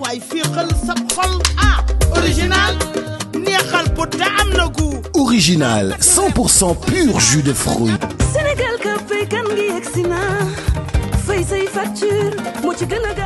waay fii ah, original neexal bu te am na original pur jus de fruits Sénégal ka fay kan ngi yegsi fay say facture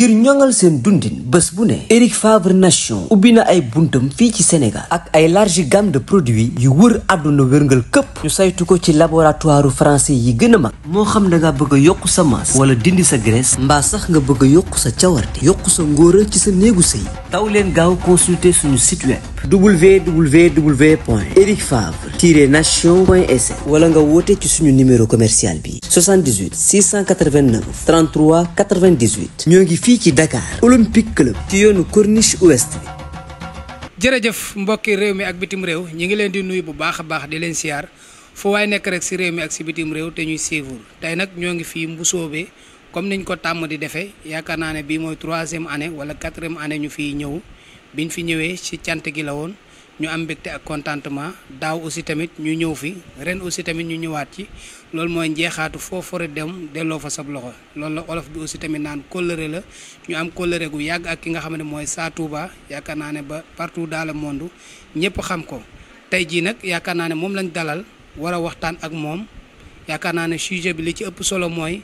ngir ñoŋal seen dundin bés bu ne Eric Favre Nation ubbi na ay buntam fii ci Sénégal ak ay large gamme de produits yu wër àdduna wërngal këpp ñu saytu ko ci laboratoire français yi gën a mag moo xam da nga bëgg a yokk sa masse wala dindi sa graisse mbaa sax nga bëgg yokk sa cawarte yokk sa ngóora ci sa néegu sëy daw leen gaaw consulter suñu site www point Eric Favre tiret nation point sn wala nga woote ci suñu numéro commercial bi 78 689 33 98 ñoo ngi fii ci Dakar Olympique Club ci yoonu Corniche Ouest bi jërëjëf mbokki réew mi ak bitim réew ñi ngi leen di nuyu bu baax a baax di leen siyaar fu waay nekk rek si réew mi ak si bitim réew te ñuy suivre tey nag ñoo ngi fii Mbusoobe comme niñ ko tàmm di defee yaakaar naa ne bii mooy troisième année wala quatrième année ñu fiy ñëw bi biñ fi ñëwee ci cant gi la woon ñu am mbégte ak contentement daaw aussi tamit ñu ñëw fi ren aussi tamit ñu ñëwaat ci loolu mooy njeexaatu foo fore dem delloo fa sab loxo loolu la olof bi aussi tamit naan kóllëre la ñu am kóllëre gu yàgg ak ki nga xam ne mooy Sa Touba yaakaar naa ne ba partout dans le monde ñëpp xam ko tey jii nag yaakaar naa ne moom lañ dalal war waxtaan ak moom yaakaar naa ne sujet bi li ci ëpp solo mooy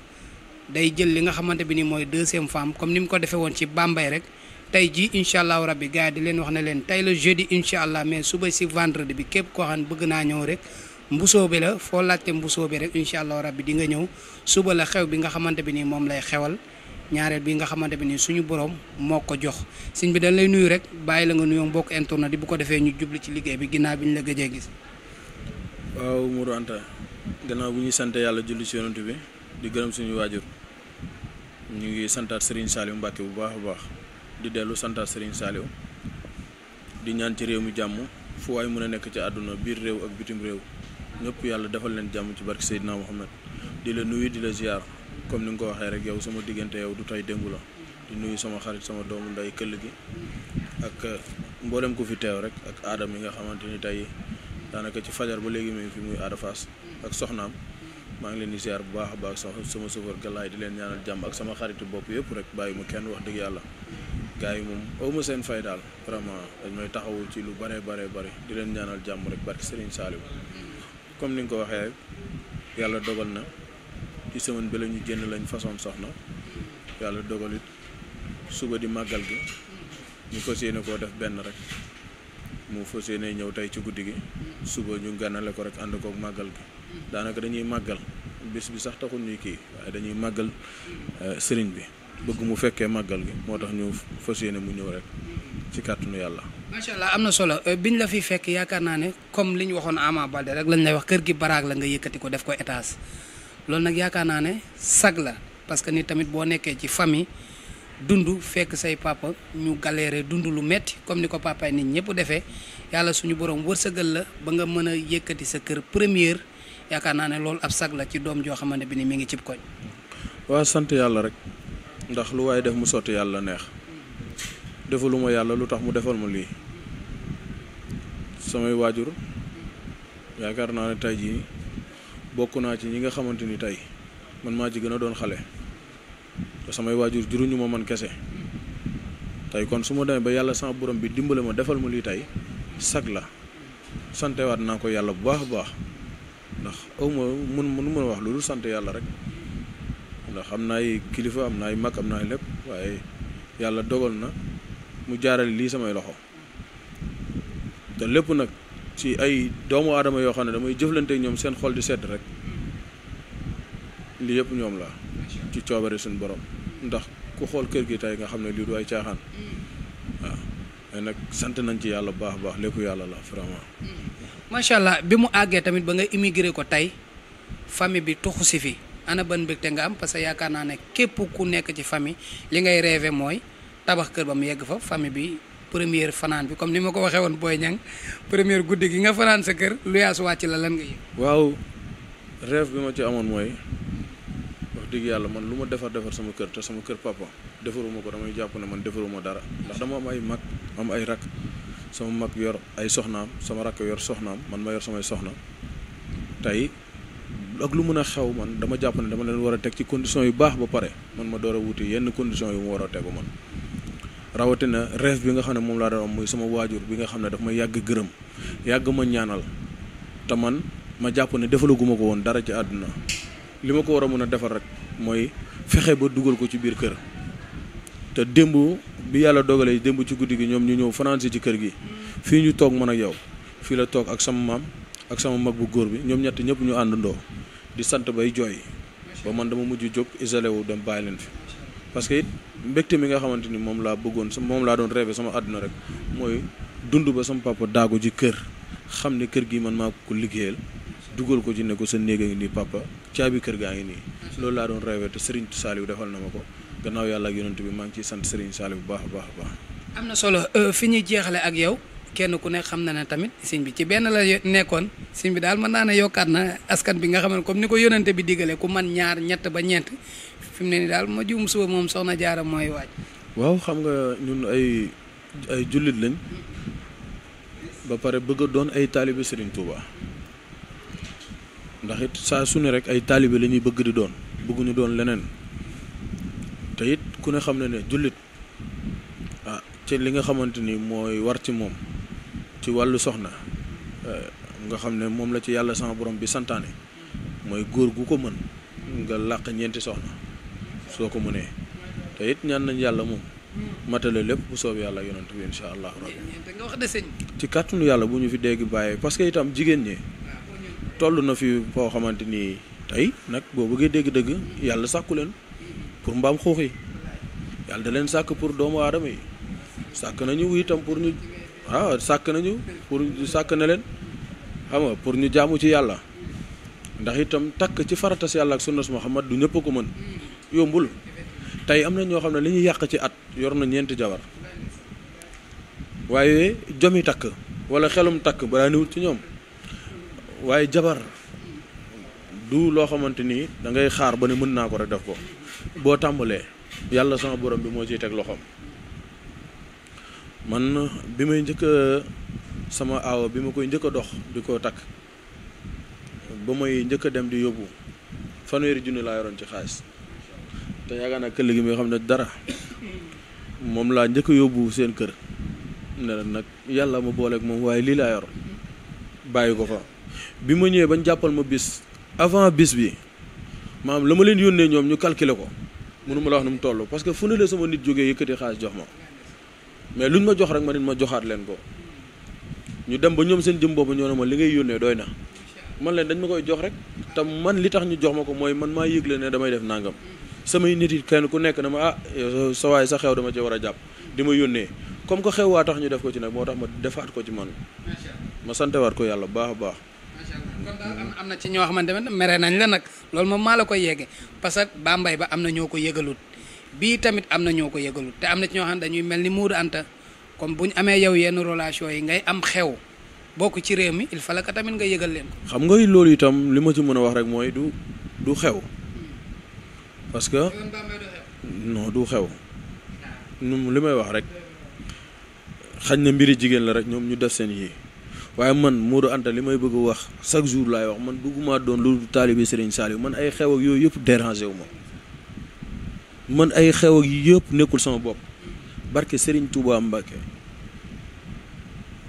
day jël li nga xamante bi ni mooy deuxième femme comme ni mu ko defee woon ci Bambey rek tey jii incha allahu rabbi gars yi di leen wax na leen tey la jeudi incha allah mais suba si vendredi bi képp koo xam ne bëgg naa ñëw rek mbusoo bi la foo laajte mbusoo bi rek incha allahu rabbi di nga ñëw suba la xew bi nga xamante bi nii moom lay xewal ñaareel bi nga xamante bi nii suñu borom moo ko jox sëñ bi dañ lay nuyu rek bàyyi la nga nuyoo mbokk internet di bu ko defee ñu jubli ci liggéey bi ginnaaw bi ñu la gëjee gis. waaw Mourou gannaaw bu sant yàlla julli ci yonent di gërëm suñu waajur ñu ngi santaat Serigne Saliou Mbacke bu baax baax. di dellu santaat Serigne Saliou di ñaan ci réew mi jàmm fu waay mën a nekk ci àdduna biir réew ak bitim réew ñëpp yàlla defal leen jàmm ci barke Seydina Mohamed di la nuyu di la ziar comme ni nga ko waxee rek yow sama diggante yow du tey démb la di nuyu sama xarit sama doomu nday këll gi ak euh, mboolem ko fi teew rek ak aadam yi nga xamante ni tey daanaka ci fajar ba léegi mi fi muy aada ak soxnaam maa ngi leen di ziar bu baax a baax sama sama sofër galaay di leen ñaanal jàmm ak sama xaritu bopp yëpp rek bàyyi mu kenn wax dëgg yàlla gaa yi moom aw ma seen fay daal vraiment dañ may taxawul ci lu bare bare bare di leen ñaanal jàmm rek barke Serigne Saliou comme ni nga ko waxee yàlla dogal na ci semaine bi la ñu génn lañ façon soxna yàlla dogal suba di màggal gi ñu fas yéene koo def benn rek mu fas yéene ñëw tey ci guddi gi suba ñu ganale ko rek ànd koog màggal gi daanaka dañuy màggal bés bi sax taxul ñuy kii waaye dañuy màggal euh, sëriñ bi. bëgg mu fekkee màggal bi moo tax ñu fas yéene mu ñëw rek ci kàttanu yàlla. macha allah am na solo euh, biñ la fi fekk yaakaar naa ne comme li ñu waxoon Ama Balde rek lañ lay wax kër gi baraag la nga yëkkati ko def ko etaas loolu nag yaakaar naa ne sag la parce que ni tamit boo nekkee ci famille dundu fekk say papa ñu galéré dundu lu metti comme ni ko papaay nit ñëpp defee yàlla suñu borom wërsëgal la ba nga mën a yëkkati sa kër première yaakaar naa ne loolu ab sag la ci doom joo xamante ni mi ngi cib koñ. waaw sant yàlla rek. ndax lu waaye def mu sotti yàlla neex defaluma yàlla lu tax mu defal ma lii samay waajur yaakaar naa ne tey jii bokk naa ci ñi nga xamante ni tey man maa ci gën a doon xale te samay waajur juruñu ma man kese tey kon su ma demee ba yàlla sama borom bi dimbale ma defal ma lii tey sag la santewaat naa ko yàlla bu baax a baax ndax aw ma mun mënu mën a wax loolu sant yàlla rek ndax am na ay kilifa am na ay mag am na lépp waaye yàlla dogal na mu jaarale lii samay loxo te lépp nag ci ay doomu aadama yoo xam ne damay jëflante ñoom seen xool di sedd rek lii yëpp ñoom la ci coobare suñu borom ndax ku xool kër gi tey nga xam ne lii du ay caaxaan waaw mais nag sant nañ ci yàlla bu baax baax lépp yàlla la vraiment. Mm. macha allah bi mu àggee tamit ba nga immigré ko tey famille bi tuxu si fi ana ban mbégte nga am parce que yaakaar naa ne képp ku nekk ci famille li ngay rêvé mooy tabax kër ba mu yegg fa famille bi première fanaan bi comme ni ma ko waxee woon Boy Niang première guddi gi nga fanaan sa kër lu yaasu wàcc la lan nga yëg. waaw rêve bi ma ci amoon mooy wax dëgg yàlla man lu ma defar defar sama kër te sama kër papa defaruma ko damay jàpp ne man defaruma dara ndax dama am ay mag am ay rak sama mag yor ay soxnaam sama rakk yor soxnaam man ma yor samay soxna ak lu mën a xew man dama jàpp ne dama leen war a teg ci condition yu baax ba pare man ma door a wuti yenn conditions yu ma war a tegu man rawatina rêve bi nga xam ne moom laa doon am sama waajur bi nga xam ne daf ma gërëm yàgg ma ñaanal te man ma jàpp ne defalaguma ko woon dara ci àdduna li ma ko war a mën a defal rek mooy fexe ba dugal ko ci biir kër te démb bi yàlla dogalee démb ci guddi gi ñoom ñu ñëw fanaan ci kër gi fii ñu toog mën ak yow fii la toog ak sama maam ak sama mag bu góor bi ñoom ñett ñëpp ñu àndandoo di sant bay jooy ba man dama mujj jóg isolé wu dem bàyyi leen fi parce que it mbégte mi nga xamante ni moom laa bëggoon moom laa doon rêvé sama àdduna rek mooy dund ba sama papa daagu ji kër xam ne kër gi man maa ko liggéeyal dugal ko ci ne ko sa néeg a ngi nii papa caabi kër gaa ngi nii loolu laa doon rêvé te Serigne Saliou defal na ma ko gannaaw yàlla ak yonent bi maa ngi ciy sant Serigne Saliou bu baax a baax baax. am na solo euh, fi ñuy jeexale ak yow. kenn ku ne xam na ne tamit sëñ bi ci benn la nekkoon sëñ bi daal mën naa ne yokkaat na askan bi nga xam ne comme ni ko yónnante bi digale ku man ñaar ñett ba ñeent fi mu ne ni daal ma juum suba moom soxna jaara mooy waaj waaw xam nga ñun ay ay jullit lañ ba pare bëgg doon ay taalibe Serigne Touba ndax it saa su ne rek ay taalibe lañuy bëgg di doon bëgguñu doon leneen te ku ne xam ne ne jullit ah ci li nga xamante ni mooy war ci moom ci wàllu soxna euh, nga xam ne moom la ci yàlla sama borom bi santaane mooy góor gu ko mën nga làq ñeenti soxna soo ko mënee te it ñaan nañ yàlla moom matale lépp bu soob yàlla yonent bi incha allah rabbi ci kàttanu yàlla bu ñu fi dégg bàyyee parce que itam jigéen ñi toll na fi foo xamante ni tey nag boo bëggee dégg-dëgg yàlla sàkku leen pour mbaam xuux yi yàlla da sàkk pour doomu aadama yi sàkk nañu itam pour ñu waaw ah, sàkk nañu pour sàkk na leen xam nga pour ñu jaamu ci yàlla ndax itam takk ci faratas yàlla ak sunnas Muhammad du ñëpp ko mën yombul tey am na ñoo xam ne li ñuy yàq ci at yor na ñeenti jabar waaye jomi takk wala xelum takk balaa niwut ci ñoom waaye jabar du loo xamante ni da ngay xaar ba ne mën naa ko rek def ko boo tàmbalee yàlla sama borom bi moo ciy teg loxoom. man bi may njëkk sama aawa bi ma koy njëkk a dox di ko takk ba may njëkk dem di yóbbu fanweeri junni laa yoroon ci xaalis te yaakaar naa këll gi mi xam ne dara moom laa njëkk a yóbbu seen kër ne la nag yàlla ma booleeg moom waaye lii laa yor bàyyi ko ko bi ma ñëwee bañ jàppal ma bis avant bis bi maanaam la ma leen yónnee ñoom ñu calculer ko mënu ma la wax nu mu toll parce que fu ne la sama nit jógee yëkkati xaalis jox ma mais luñ ma jox rek ma nit ma joxaat leen ko ñu dem ba ñoom seen jëm boobu ñoo ne ma li ngay yónnee doy na man leen dañ ma koy jox rek te man li tax ñu jox ma ko mooy man maa yëgle ne damay def nangam samay nit yi kenn ku nekk dama ah sa waay sa xew dama ci war a jàpp di ma yónnee comme que xew waa tax ñu def ko ci nag moo tax ma defaat ko ci man ma santewaat ko yàlla baax a baax kon am na ci ñoo xamante ne mere nañ la nag loolu moom maa la koy yéege parce que Bambey ba am na ñoo ko yëgalut bii tamit am na ñoo ko yëgalul te am na ci ñoo xam ne dañuy mel ni muudu anta comme bu ñu amee yow yenn relation yi ngay am xew bokk ci réew mi il fallait que tamit nga yëgal leen ko. xam nga loolu itam li ma ci mën a wax rek mooy du du xew parce que du xew nu li may wax rek xañ na mbiri jigéen la rek ñoom ñu def seen yi waaye man Modou Anta li may bëgg wax chaque jour laay wax man bëgguma doon lu taalibe Serigne Saliou man ay xew ak yooyu yëpp dérangé wu ma. man ay xew ak yëpp nekkul sama bopp barke Serigne Touba Mbacké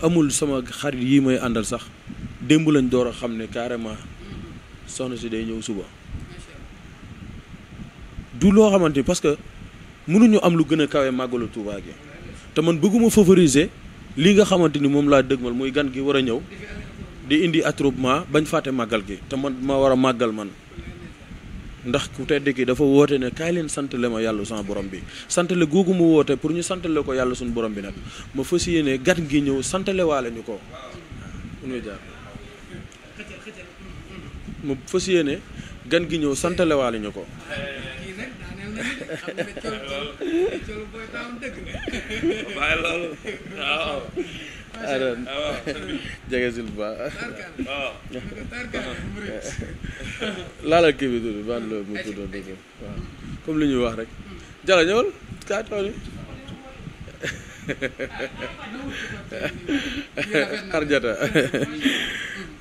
amul sama xarit yi may àndal sax démb lañ door a xam ne carrément soxna si day ñëw suba du loo xamante ni parce que mënuñu am lu gën a kawe màggalu Touba gi te man bëgguma favoriser lii nga xamante ni moom laa dëgmal muy gan gi war a ñëw di indi attroupement bañ fàtte màggal gi te man ma war a màggal man ndax ku tedd ki dafa woote ne kaay leen sant ma yàlla sama borom bi sant le googu mu woote pour ñu sant ko yàlla suñu borom bi nag ma fas yéene gat gi ñëw sant le ñu ko waaw jaar fas yéene gan gi ñëw sant ñu ko aran ah, jege sil ba laalal kii loolu mu tuddoon dëgg comme li ñuy wax rek hmm. jala ñëwal kaa tooni xarjata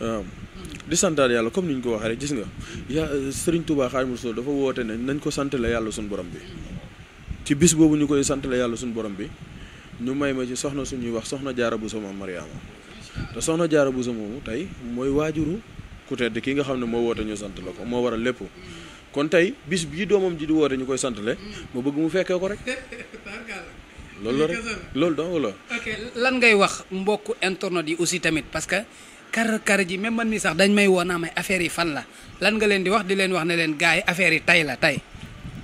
waaw di santaat yàlla comme ni ñu ko waxee rek gis nga yaa sëriñ Touba Xaadimu Rasuul dafa woote ne nañ ko sant la yàlla suñu borom bi ci bis boobu ñu koy sant la yàlla suñu borom bi ñu may ma ci soxna suñuy wax soxna jaara bu maam mariama te soxna jaara bu buso moomu tey mooy waajuru ku tedd ki nga xam ne moo woote ñu sant la ko moo waral lépp kon tey bis bii doomam ji di woote ñu koy santale ma bëgg mu fekkee ko rek loolu la rek loolu dong lan ngay wax mbokku internet yi aussi tamit parce que kar kar ji même man mi sax dañ may woo naa may affaire yi fan la lan nga leen di wax di leen wax ne leen gars yi affaire yi tey la tey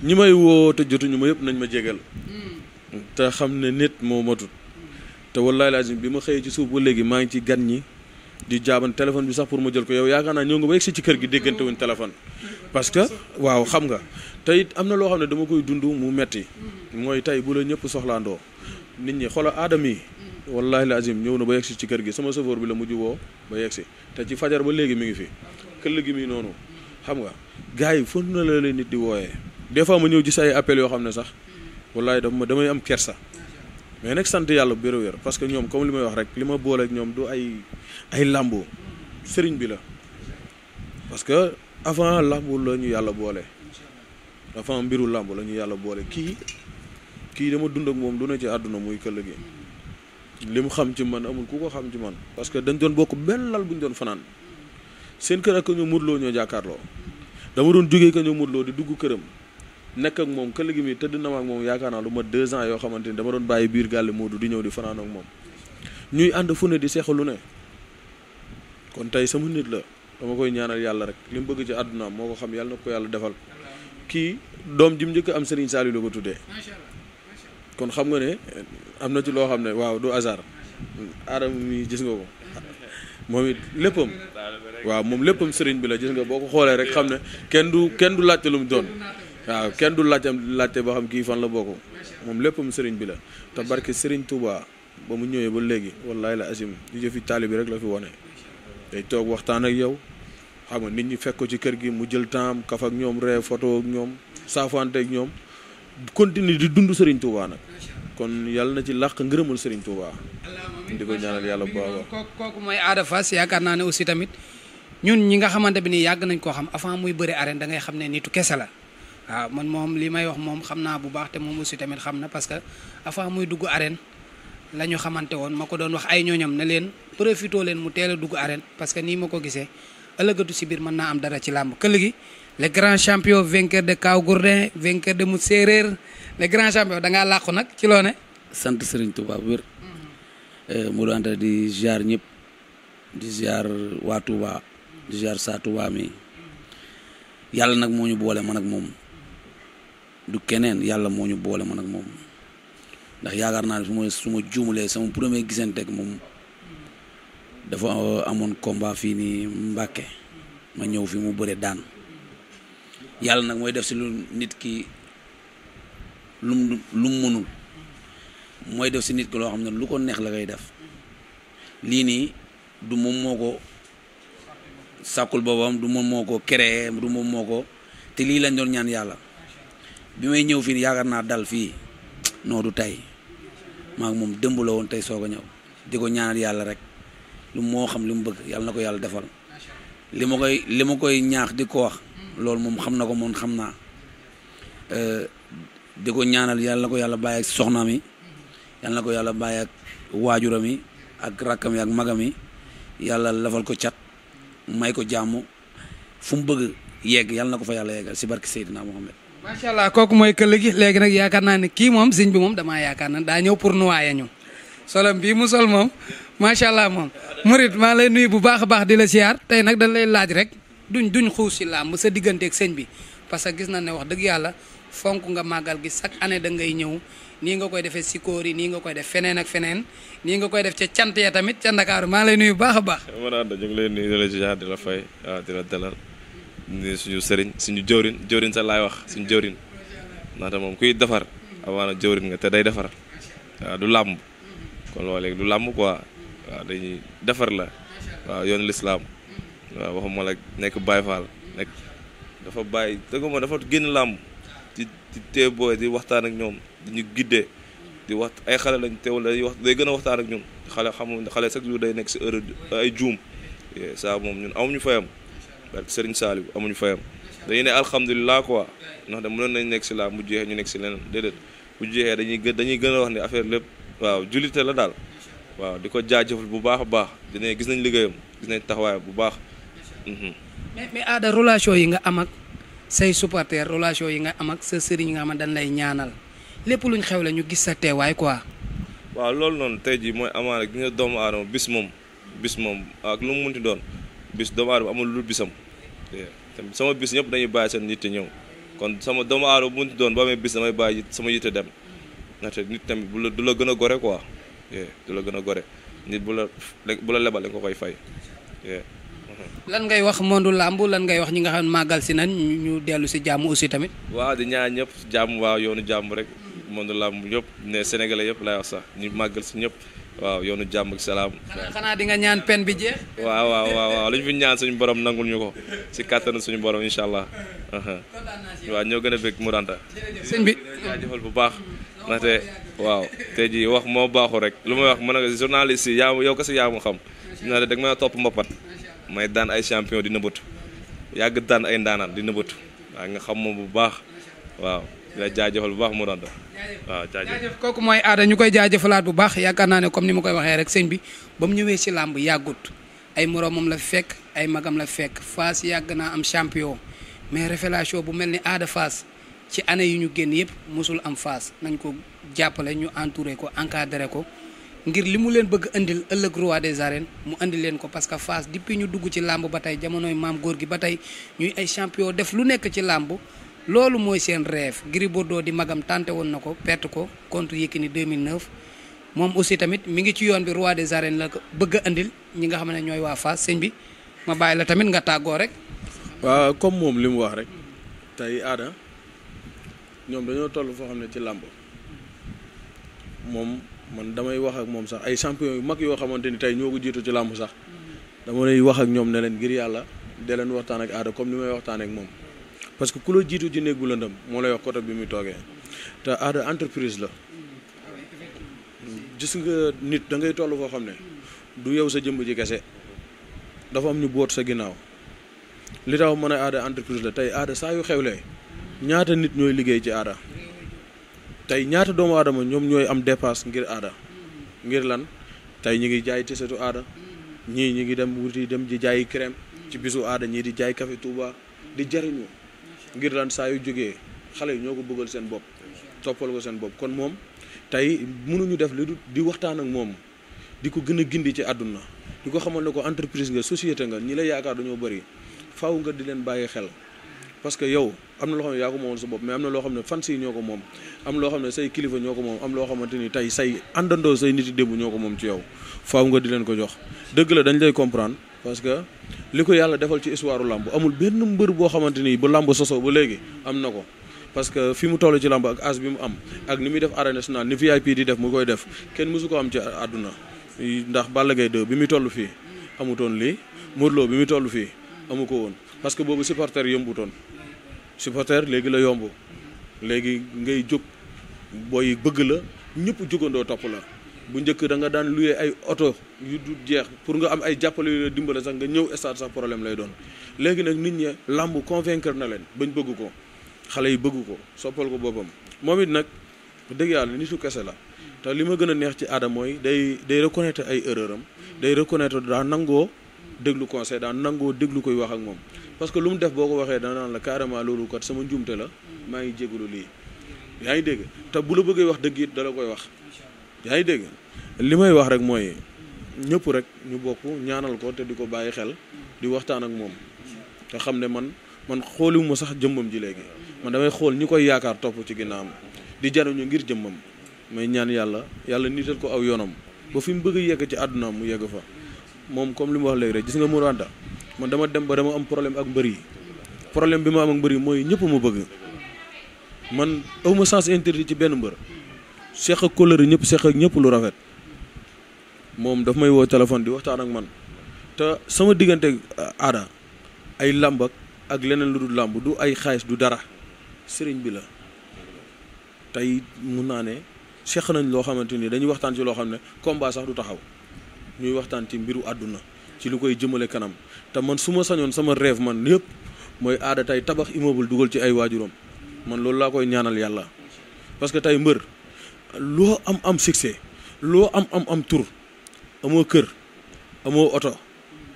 ñi may woo jotuñu ma yëpp nañ ma jégal hmm. te xam ne nit moo matut te wallahi lazim bi ma xëyee ci suuf ba léegi maa ngi ci gan ñi di jaaban téléphone bi sax pour ma jël ko yow yaakaar naa ñëw nga ba yegg si ci kër gi déggante wuñ téléphone. parce que waaw xam nga te it am na loo xam ne dama koy dund mu metti mooy tey bu la ñëpp soxlaandoo nit ñi xolo aadam yi. wallahi lazim ñëw na ba yegg si ci kër gi sama chauffeur bi la mujj woo ba yegg te ci fajar ba léegi mi ngi fi këll gi mi noonu xam nga gaa yi fën na la nit di wooyee des fois ma ñëw gis ay appel yoo xam ne sax. wallaay ma damay am kersa mais nag sant yàlla bu wér parce que ñoom comme li may wax rek li ma booleeg ñoom du ay ay làmbo sëriñ bi la parce que avant làmbu la ñu yàlla boole avant mbiru làmb la ñu yàlla boole kii kii dama dund ak moom du ne ci àdduna muy këll gi li mu xam ci man amul ku ko xam ci man parce que dañ doon bokk benn lal bu ñu doon fanaan seen kër ak ñoo Modou Lo ñoo jàkkaarloo dama doon jógee ka ñoo Modou Lo di dugg këram nekk ak moom këll gi mi tëdd na ma ak moom yaakaar naa lu ma deux ans yoo xamante ni dama doon bàyyi biir gàlle Moodu di ñëw di fanaan moom ñuy ànd fu ne di seexu lu ne kon tey sama nit la dama koy ñaanal yàlla rek li mu bëgg ci àddunaam moo ko xam yàlla na ko yàlla defal kii doom ji mu njëkk am Serigne Saliou la ko tuddee kon xam nga ne am na ci loo xam ne waaw du hasard aadama mi gis nga ko moom it léppam waaw moom léppam Serigne bi la gis nga boo ko xoolee rek xam ne kenn du kenn du laajte doon. waaw kenn du laajte laajte boo xam kii fan la bokk moom léppam sëriñ bi la te barke sëriñ Touba ba mu ñëwee ba léegi wallaay la asim di jëfi taalibi rek la fi wane. day toog waxtaan ak yow xam nga nit ñi fekk ko ci kër gi mu jël temps kaf ak ñoom ree photo ak ñoom saafante ak ñoom continue di dund sëriñ Touba nag kon yàlla na ci làq ngërëmal sëriñ Touba. di ko ñaanal yàlla bu baax kooku mooy Ada Fass yaakaar naa ne aussi tamit ñun ñi nga xamante bi nii yàgg nañ koo xam avant muy bëri arène da ngay xam ne nitu kese la. waaw ah, man moom li may wax moom xam naa bu baax te moom si tamit xam na parce que avant muy dugg arène la ñu xamante woon ma ko doon wax ay ñooñam na leen profitoo leen mu teel a dugg arène parce que nii ma ko gisee ëllëgatu si biir man naa am dara ci làmb këll gi le grand champion vainqueur de Kaw Gourdin vainqueur de mu séeréer le grand champion da ngaa làqu nag ci loo ne sant Serigne Touba bu wér eh, mu doon ànd di ziar ñëpp di ziar waa Touba di ziar saa Touba mi nag moo ñu boole man ak moom du keneen yàlla moo ñu boole man nag moom ndax yaakaar naa ne su ma su ma juumalee sama premier gisante ak moom dafa euh, amoon combat fii nii Mbàkke ma ñëw fi mu bëre daan yàlla nag mooy def si lu nit ki lum lum mënul mooy def si nit ki loo xam ne lu ko neex la koy def lii nii du moom moo ko sàkkul boobam du moom moo ko créé du moom moo ko te lii lañ doon ñaan yàlla bi may ñëw fii yaakaar naa dal fii noo du tey maa moom dëmb la woon tey soog a ñëw di ko ñaanal yàlla rek lu moo xam li mu bëgg yàlla na ko yàlla defal li ma koy li ma koy ñaax di ko wax loolu moom xam na ko moom xam naa di ko ñaanal yàlla na ko yàlla bàyyi ak soxnaam mi yàlla na ko yàlla bàyyi ak waajuram yi ak rakkam yi ak magam yi yàlla lafal ko cat may ko jàmm fu mu bëgg yegg yàlla na ko fa yàlla yeggal si barki Seydina Mohamed macha allah kooku mooy këll gi léegi nag yaakaar naa ne kii moom sëñ bi moom damaa yaakaar na daa ñëw pour nuwaaye ñu solam bii mu sol moom macha allah moom murit maa lay nuyu bu baax a baax di la siyaar tey nag dañ lay laaj rek duñ duñ xuus si làmb sa digganteeg sëñ bi parce que gis na ne wax dëgg yàlla fonk nga màggal gi chaque année da ngay ñëw nii nga koy defee sikóor yi nii nga koy def feneen ak feneen nii nga koy def ca cant ya tamit ca Ndakaaru maa lay nuyu bu baax a baax. mën naa ñu la siyaar di la fay di ni suñu sëriñ suñu jëwrin jëwrin sax laay wax suñu jëwrin ndaxte moom kuy defar amaana jëwrin nga te day defar waaw du làmb kon loolu léegi du làmb quoi waaw dañuy defar la waaw yoon lislaam waaw waxuma la nekk Baay Faal nekk dafa bàyyi dëgg ma dafa génn làmb ci ci tee di waxtaan ak ñoom di ñu giddee di wax ay xale lañ teewul day wax day gën a waxtaan ak ñoom xale xam xale chaque jour day nekk si heure ay juum saa moom ñun amuñu fayam barke Serigne Saliou amuñu fayam dañuy ne alhamdulilah quoi ndax de mënoon nañ nekk si laa mu jeexee ñu nekk si leneen déedéet bu jeexee dañuy gën dañuy gën a wax ne affaire lépp waaw jullite la daal waaw di ko jaajëfal bu baax a baax dinañ gis nañ liggéeyam gis nañ taxawaayam bu baax. Mhm. mais mais aada relation yi nga am ak say supporters relation yi nga am ak sa sëriñ nga xam dañ lay ñaanal lépp luñ xew la ñu gis sa teewaay quoi. waaw loolu noonu tey jii mooy amaana gi nga doomu aadama bis moom bis moom ak lu mu munti doon bis doomu aadama amul lu bisam. sama bis ñëpp dañuy bàyyi seen yitte ñëw kon sama doomu aadama bu mu doon ba amee bis damay bàyyi sama yitte dem ndaxte nit tamit bu la du la gën a gore quoi du la gën a gore nit bu la bu la lebal nga koy fay. lan ngay wax mondu làmb lan ngay wax ñi nga xam ne màggal si nan ñu dellu si jàmm aussi tamit. waa di ñaan ñëpp jàmm waaw yoonu jàmm rek mondu làmb yëpp ne sénégalais yëpp laay wax sax ñu màggal si ñëpp. waaw yoonu jàmm ak salaam. xanaa di nga ñaan pen bi jeex. waaw waaw waaw lu ñu fi ñaan suñu boroom nangul ñu ko si kàttan suñu borom incha allah. waaw ñoo gën a bëgg Mouranta. sëñ bi jaajëfal bu baax. ndaxte waaw tey jii wax moo baaxu rek lu may wax mën na journaliste yi yaa yow kese yaa ma xam. ndaxte dag ma topp mbapat. may daan ay champion di nëbbatu. yàgg daan ay ndaanaan di nëbbatu. waaw nga xam moom bu baax waaw. di la jaajëfal bu baax mu kooku mooy aada ñu koy jaajëfalaat bu baax yaakaar naa ne comme ni ma koy waxee rek sëñ bi ba mu ñëwee ci làmb yàggut ay moroomam la fekk ay magam la fekk Fass yàgg naa am champion mais révélation bu mel ni aada Fass ci année yu ñu génn yëpp mosul am Fass nañ ko jàppale ñu entouré ko encadré ko ngir li mu leen bëgg indil ëllëg roi des arènes mu indi leen ko parce que Fass depuis ñu dugg ci làmb ba tey jamonoy maam góor gi ba tey ñuy ay champion def lu nekk ci làmb loolu mooy seen rêve Gris Bordeaux di magam tante woon na ko perte ko contre Yékini 2009 moom aussi tamit mi ngi ci yoon bi roi des arènes la ko bëgg a andil ñi nga xam ne ñooy waa fas sëñ bi ma bàyyi la tamit nga tàggoo rek. waaw comme moom li mu wax rek tey aada ñoom dañoo toll foo xam ne ci làmb moom man damay wax ak moom sax ay champion yu mag yoo xamante ni tey ñoo ko jiitu ci làmb sax dama lay wax ak ñoom ne leen ngir yàlla de leen waxtaan ak aada comme ni may waxtaan moom. parce que ku la jiitu ci néegu lëndëm moo lay wax côté bi muy toogee te aada entreprise la gis nga nit da ngay toll foo xam ne du yow sa jëmb ci kese dafa am ñu boot sa ginnaaw li tax mën a aada entreprise la tey aada saa yu xewlee ñaata nit ñooy liggéey ci aada tey ñaata doomu aadama ñoom ñooy am dépasse ngir aada ngir lan tey ñi ngi jaay tisatu aada ñii ñi ngi dem wuti dem di jaayi crème ci bisu aada ñii di jaay café Touba di jariñu ngir lan saa yu jógee xale yi ñoo ko bëggal seen bopp toppal ko seen bopp kon moom tey mënuñu def lu di waxtaan ak moom di ko gën a gindi ci àdduna di ko xamal ne ko entreprise nga société nga ñi la yaakaar dañoo bëri faw nga di leen bàyyi xel parce que yow am na loo xam ne yaa ko moomoon sa bopp mais na loo xam ne fans yi ñoo ko moom am loo xam ne say kilifa ñoo ko moom am loo xamante ni tey say àndandoo say nit yi démb ñoo ko moom ci yow faaw nga di leen ko jox dëgg la dañ lay comprendre parce que li ko yàlla defal ci histoire làmb amul benn mbër boo xamante ni ba làmb sosoo ba léegi am na ko parce que fi mu toll ci làmb ak as bi mu am ak ni muy def arène nationale ni VIP di def mu koy def kenn mësu ko am ci àdduna ndax Balla Gaye 2 bi muy tollu fii amutoon lii Modou bi muy toll fii amu ko woon parce que boobu supporter yombutoon supporter léegi la yomb léegi ngay jóg booy bëgg la ñëpp jugandoo topp la bu njëkk danga daan loué ay oto yu du jeex pour nga am ay jàppale yu la dimbale sax nga ñëw stade sax problème lay doon léegi nag nit ñi làmb convaincre na leen ba bañ bëgg ko xale yi bëgg ko soppal ko boppam moom it nag dëgg yàlla nitu kese la te li ma gën a neex ci aada mooy day day reconnaître ay erreur am day reconnaître daa nangoo déglu conseil daa nangoo déglu koy wax ak moom parce que lu mu def boo ko waxee danaan la carrément loolu kat sama njuumte la maa ngi jégalu lii yaa ngi dégg te bu la bëggee wax dëgg it dala koy wax yaa ngi dégg li may wax rek mooy ñëpp rek ñu bokk ñaanal ko te di ko bàyyi xel di waxtaan ak moom te xam ne man man xooliwu ma sax jëmmam ji léegi man damay xool ñi koy yaakaar topp ci ginnaawam di jaruñu ngir jëmmam may ñaan yàlla yàlla nital ko aw yoonam ba fi mu bëgg a ci àdduna mu yegg fa moom comme li mu wax léegi rek gis nga Mourou Anta man dama dem ba dama am problème ak mbër yi problème bi ma am ak mbër yi mooy ñëpp ma bëgg man awma sens interdit ci mbër seq ak kóllëre ñëpp seq ak ñëpp lu rafet moom daf may woo téléphone di waxtaan ak man te sama diggante aada eh, ay làmb ak leneen lu dul làmb du ay xaalis du dara sëriñ bi la tey mun naa ne seq nañ loo xamante ni dañuy waxtaan ci loo xam ne combat sax du taxaw ñuy waxtaan ci mbiru àdduna ci lu koy jëmale kanam te man su ma sañoon sama rêve man yëpp mooy aada tey tabax immeuble dugal ci ay waajuram man loolu laa koy ñaanal yàlla parce tey mbër. loo am am succès loo am am am tur amoo kër amoo oto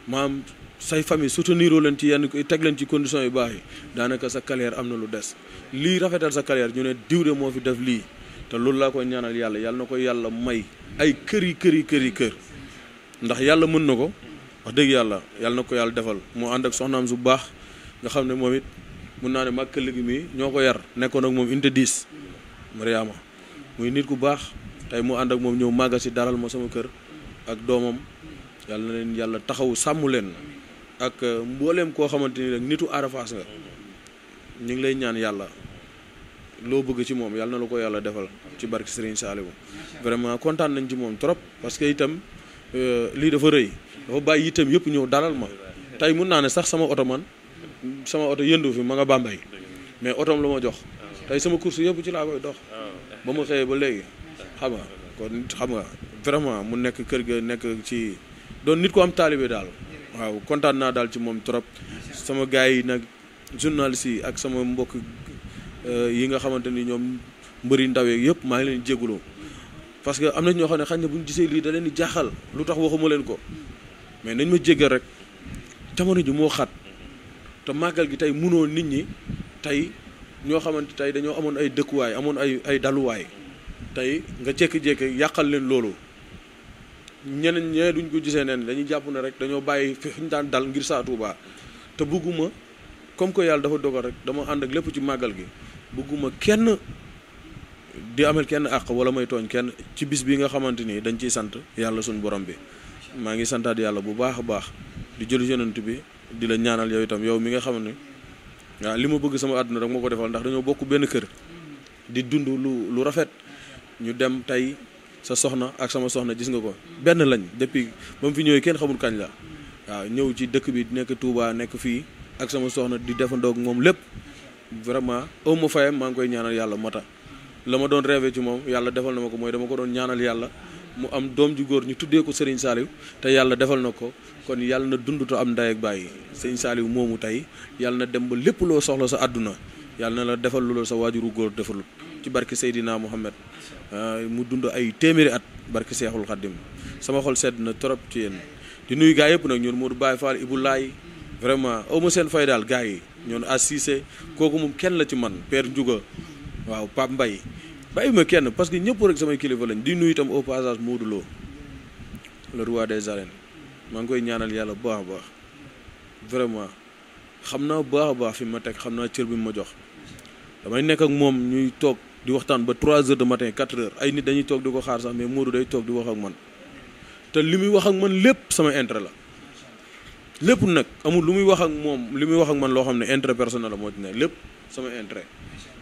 maam say famille souteniroo leen ci yenn teg leen ci conditions yu baax yi daanaka sa carrière am na lu des lii rafetal sa carrière ñu ne diw moo fi def lii te loolu laa koy ñaanal yàlla yàlla na ko yàlla may ay kër yi kër yi kër yi kër ndax yàlla mën na ko wax dëgg yàlla yàlla na ko yàlla defal mu ànd ak soxnaam su baax nga xam ne moom it mun naa ne mag këll gi mii ñoo ko yar nekkoon ak moom inte diis Mariama muy nit ku baax tey mu ànd ak moom ñëw màggal si daral ma sama kër ak doomam yàlla na leen yàlla taxawu sàmm leen ak euh, mbooleem koo xamante ni rek nitu arafaas nga ñu ngi lay ñaan yàlla loo bëgg ci moom yàlla na la ko yàlla defal ci barke Serigne Saliou vraiment kontaan nañ ci moom trop parce que itam euh, lii dafa rëy dafa bàyyi itam yëpp ñëw dalal ma tey mun naa ne sax sama oto man sama oto yëndu fi ma nga Bambey mais otoom la ma jox tey sama course yëpp ba ma xëyee ba léegi xam nga kon xam nga vraiment mu nekk kër ga nekk ci doon nit ko am taalibe daal waaw kontaan naa daal ci moom trop sama gars yi nag journaliste si ak sama mbokk euh, yi nga xamante ni ñoom mbëri ndaw yeeg yëpp maa ngi leen jégalu parce que am na ñoo xam ne xañ na bu ñu gisee lii da leen di jaaxal lu tax waxuma leen ko mais nañ ma jéggal rek jamono ji moo xat gi tey munoo nit ñi tey ñoo xamante tey dañoo amoon ay dëkkuwaay amoon ay ay daluwaay tey nga jékki-jékki yàqal leen loolu ñeneen ñee duñ ko jisee neen dañuy jàpp ne rek dañoo bàyyi fi ñu daan dal ngir saa Touba te bugguma comme que yàlla dafa dogal rek dama ànd ak lépp ci màggal gi bugguma kenn di amel kenn àq wala may tooñ kenn ci bis bi nga xamante ni dañ ciy sant yàlla suñu borom bi maa ngi santaat yàlla bu baax a baax di jël yonent bi di la ñaanal yow itam yow mi nga xam ne waa li ma bëgg sama àdduna rek moo ko defal ndax dañoo bokk benn kër di dund lu lu rafet ñu dem tey sa soxna ak sama soxna gis nga ko benn lañ depuis ba mu fi ñëwee kenn xamul kañ la waaw ñëw ci dëkk bi di nekk tuubaa nekk fii ak sama soxna di defandoo ak moom lépp vraiment aw ma maa ngi koy ñaanal yàlla mata la ma doon rêvé ci moom yàlla defal na ma ko mooy dama ko doon ñaanal yàlla mu am doom ju góor ñu tuddee ko Serigne Saliou te yàlla defal na ko kon yàlla na dund te am ndey ak bàyyi Serigne Saliou moomu tey yàlla na dem ba lépp loo soxla sa àdduna yàlla na la defal lu la sa waajuru góor defalut ci barke Seydina Mohamed ah, mu dund ay téeméeri at barke Seexul Xaddim sama xol sedd na trop ci yéen di nuyu gaa yëpp nag du Modou Baye Fall Ibou laay vraiment aw ma seen fay daal gaa yi ñoon Assise kooku moom kenn la ci man Père Ndiouga waaw Pape Mbaye bàyyi ma kenn parce que ñëpp rek samay kilifa lañ di nuyu itam au passage Modou Lo le roi des arènes maa ngi koy ñaanal yàlla baax a baax vraiment xam naa baax a baax fi ma teg xam naa cër bi ma jox damay nekk ak moom ñuy toog di waxtaan ba 3 heures de matin 4 heures ay nit dañuy toog di ko xaar sax mais Modou day toog di wax ak man te li muy wax ak man lépp sama intérêt la lépp nag amul lu muy wax ak moom li muy wax ak man loo xam ne intérêt personnel la moo ci ne lépp sama intérêt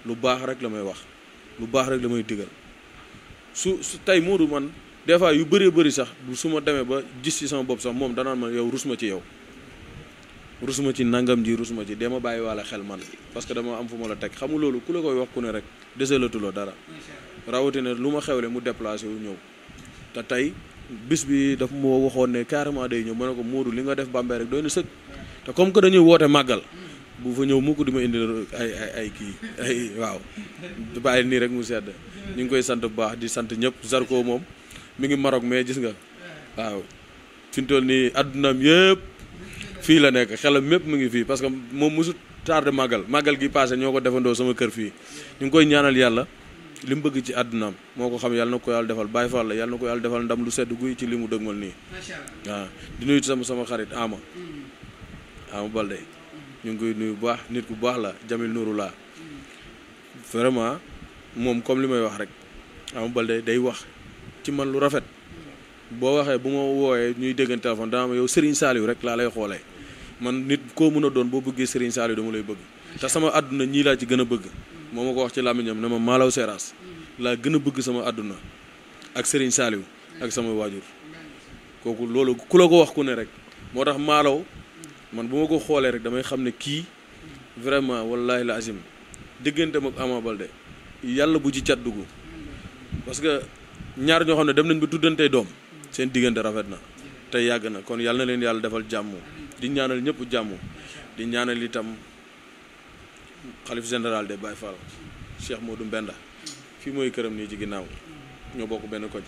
lu rek la may wax. lu baax rek la may digal su su tey Modou man des fois yu bëree bëri sax su ma demee ba gis ci sama bopp sax moom danaa ma yow rus ci yow rus ma ci nangam ji rus ci dee ma bàyyi waale xel man parce que dama am fu ma la teg xamu loolu ku la koy wax ku ne rek desalatuloo dara rawatina lu ma xew xewle mu déplacé wu ñëw te tey bis bi dafa ma waxoon ne carrément day ñëw ma ne ko muuru li nga def Bambey rek doy na sëkk te comme que dañuy woote màggal. bu fa ñëw mukk di ma indi ay ay ay kii ay waaw bàyyi nii rek mu sedd ñu ngi koy sant bu baax di sant ñëpp Zarko moom mi ngi Maroc mais gis nga waaw fi mu toll nii addunaam yëpp fii la nekk xelam mépp mu ngi fii parce que moom mosut tardé màggal màggal gi passé ñoo ko defandoo sama kër fii ñu ngi koy ñaanal yàlla li mu bëgg ci àddunaam moo ko xam yàlla na ko yàlla defal Baay Faal la yàlla na ko yàlla defal ndam lu sedd guy ci li mu dëgmal nii waaw di nuyu sama sama xarit Ama mm. ñu ngi koy nuyu baax nit bu baax la Jamil nooru laa vraiment moom comme li may wax rek Ama Baldé day wax ci man lu rafet boo waxee bu ma wooyee ñuy déggan téléphone dana ma yow Serigne Saliou rek laa lay xoolee man nit koo mën a doon boo bëggee Serigne Saliou dama lay bëgg te sama àdduna ñii laa ci gën a bëgg moo ma ko wax ci làmmiñam ne ma maalaw seeraas laa gën a bëgg sama àdduna ak sëriñ Saliou ak sama waajur kooku loolu ku la ko wax ku ne rek moo tax maalaw man bu ma ko xoolee rek damay xam ne kii vraiment wallahi la asim diggante ak Ama de yàlla bu ci cat dugg parce que ñaar ñoo xam ne dem nañ ba tuddantey doom seen diggante rafet na te yàgg na kon yàlla na leen yàlla defal jàmm di ñaanal ñëpp jàmm di ñaanal itam xalif général de Baye Fall Cheikh Modou Mbenda fii mooy këram nii ci ginnaaw ñoo bokk benn koñ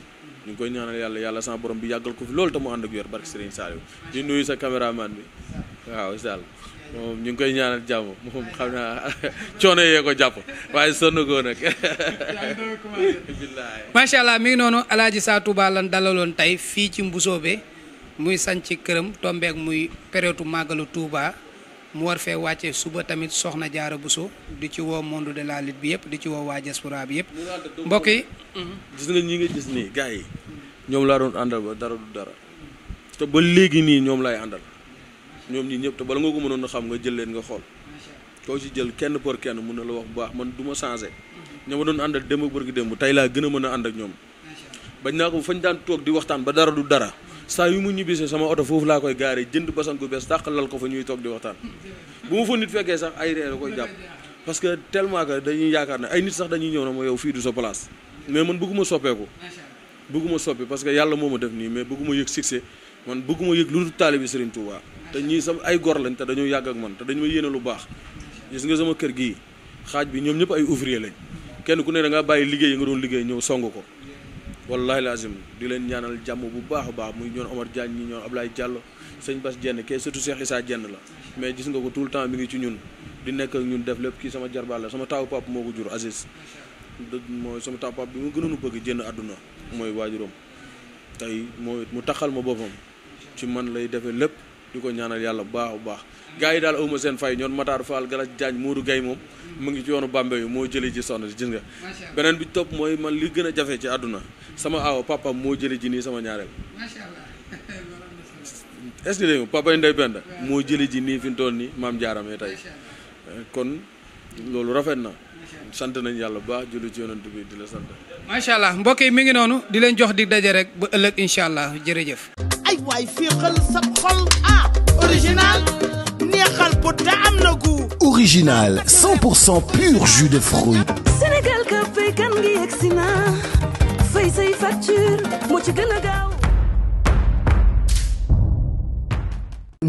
ñu ngi koy ñaanal yàlla yàlla sama borom bi yàggal ko fi loolu te mu ànd ak yor barke Serigne Saliou di bi waaw daal moom ñu ngi koy ñaanal jàmm moom xam naa coono yee ko jàpp waaye sonn koo nag. macha allah mi ngi noonu El Hadj Sa Touba lan dalaloon tey fii ci Mbusoobe muy sanc këram tombeek muy période màggalu tuuba mu war fee wàcce suba tamit soxna jaara Bousso di ci woo monde de la bi yëpp di ci wow waa diaspora bi yëpp mbokk yi. gis nga ñi nga gis nii gars yi ñoom laa doon àndal ba dara du dara te ba léegi nii ñoom lay àndal. ñoom ñi ñëpp te bala nga ko mënoon xam nga jël leen nga xool koo ci jël kenn pour kenn mun na la wax baax man du ma changé ñoo ma doon ànd ak démb ak bërgi démb tey laa gën a mën a ànd ak ñoom bañ naa ko fañ daan toog di waxtaan ba dara du dara saa yu mu ñibbisee sama oto foofu laa koy gaaree jënd basan gu bees tàqalal ko fa ñuy toog di waxtaan bu ma fa nit fekkee sax ay reer koy jàpp parce que dañuy yaakaar ne ay nit sax dañuy ñëw na ma yow fii du sa place mais te ñii sama ay gor lañ te dañoo yàgg ak man te dañu ma yéene lu baax gis nga sama kër gi xaaj bi ñoom ñëpp ay ouvrier lañ kenn ku ne da ngaa bàyyi liggéey yi nga doon liggéey ñëw song ko wallahi lazim di leen ñaanal jàmm bu baax a baax muy ñoon Omar Diagne ñi ñoon Ablaye Diallo sëñ bas jenn kee surtout Cheikh Issa jenn la mais gis nga ko tout le temps mi ngi ci ñun di nekk ak ñun def lépp kii sama jarbaal la sama taawu pap moo ko jur Aziz mooy sama taawu pap bi mu gënoon bëgg jënd àdduna mooy waajuram tey moo mu taxal ma boppam ci man lay defee lépp ñu ko ñaanal yàlla bu baax bu baax gars yi daal awma seen fay ñoon Matar Fall Galas Diagne Modou gay moom mu ngi ci yoonu Bambey yu moo jëli ji soxna si gis nga beneen bi topp mooy man li gën jafe ci àdduna sama aaw papa moo jëli ji nii sama ñaareel est-ce que dégg moo jëli ji nii fi mu toll nii maam jaaramee tey eh, kon loolu rafet na sant nañ yàlla bu baax julli ci yonent bi di la sant macha allah mbokk yi mi ngi noonu di leen jox di daje rek ba ëllëg incha allah jërëjëf ay waay ah, original neexal pot te am na original pur jus de fruits Sénégal ka fay kan gi yegsi fay say facture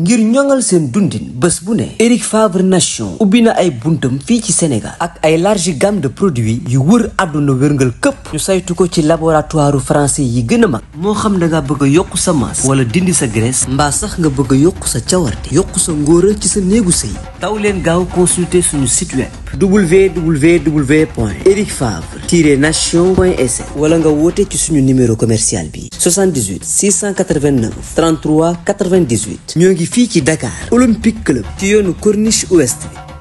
ngir ñoŋal seen dundin bés bu ne Eric Favre Nation ubbi na ay buntam fii ci Sénégal ak ay large gamme de produits yu wër àdduna wërngal këpp ñu saytu ko ci laboratoire français yi gën a mag moo xam da nga bëgg a yokk sa masse wala dindi sa graisse mbaa sax nga bëgg a yokk sa cawarte yokk sa ngóora ci sa néegu sëy taw leen gaaw consulter suñu site web www.ericfavre-nation.sn wala nga woote ci suñu numéro commercial bi 78 689 33 98 fii ci Dakar Olympique Club ci yoonu Corniche Ouest bi